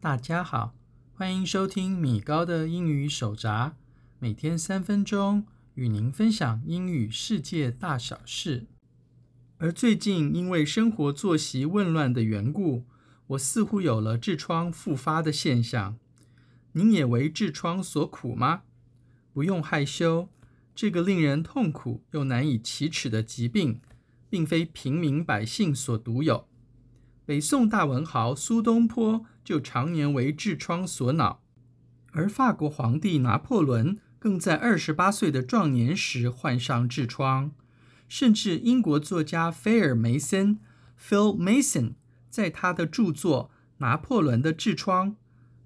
大家好，歡迎收聽米高的英語手札，每天三分鐘與您分享英語世界大小事。而最近因為生活作息混亂的緣故，我似乎有了痔瘡復發的現象。您也為痔瘡所苦嗎？不用害羞，這個令人痛苦又難以啟齒的疾病。並非平民百姓所獨有。北宋大文豪蘇東坡就常年為痔瘡所惱，而法國皇帝拿破崙更在二十八歲的壯年時患上痔瘡。甚至英國作家菲爾·梅森 （Phil Mason） 在他的著作《拿破崙的痔瘡》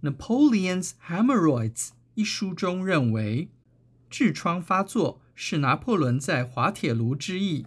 （Napoleon's Hemorrhoids） 一書中認為，痔瘡發作是拿破崙在滑鐵盧之役。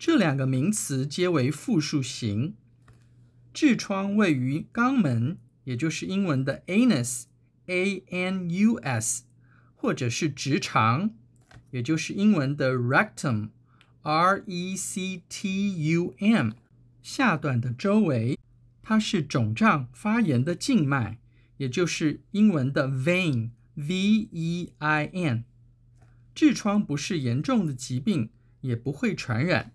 這兩個名詞皆為複數形。痔瘡位於肛門，也就是英文的 anus，A-N-U-S，或者是直腸，也就是英文的 rectum，R-E-C-T-U-M，下段的周圍，它是腫脹發炎的靜脈，也就是英文的 vein，V-E-I-N。痔瘡不是嚴重的疾病，也不會傳染。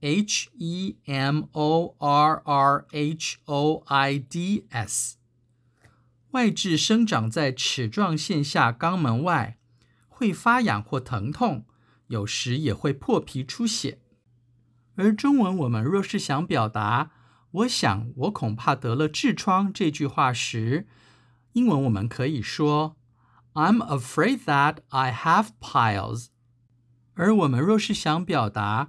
Hemorrhoids，、e、外痔生長在齒狀線下肛門外，會發癢或疼痛，有時也會破皮出血。而中文我們若是想表達“我想我恐怕得了痔瘡”這句話時，英文我們可以說 “I'm afraid that I have piles”。而我們若是想表達，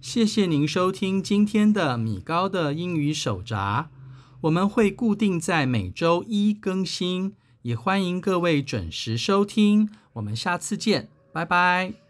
謝謝您收聽今天的米高的英語手札。我們會固定在每周一更新，也歡迎各位準時收聽。我們下次見，拜拜。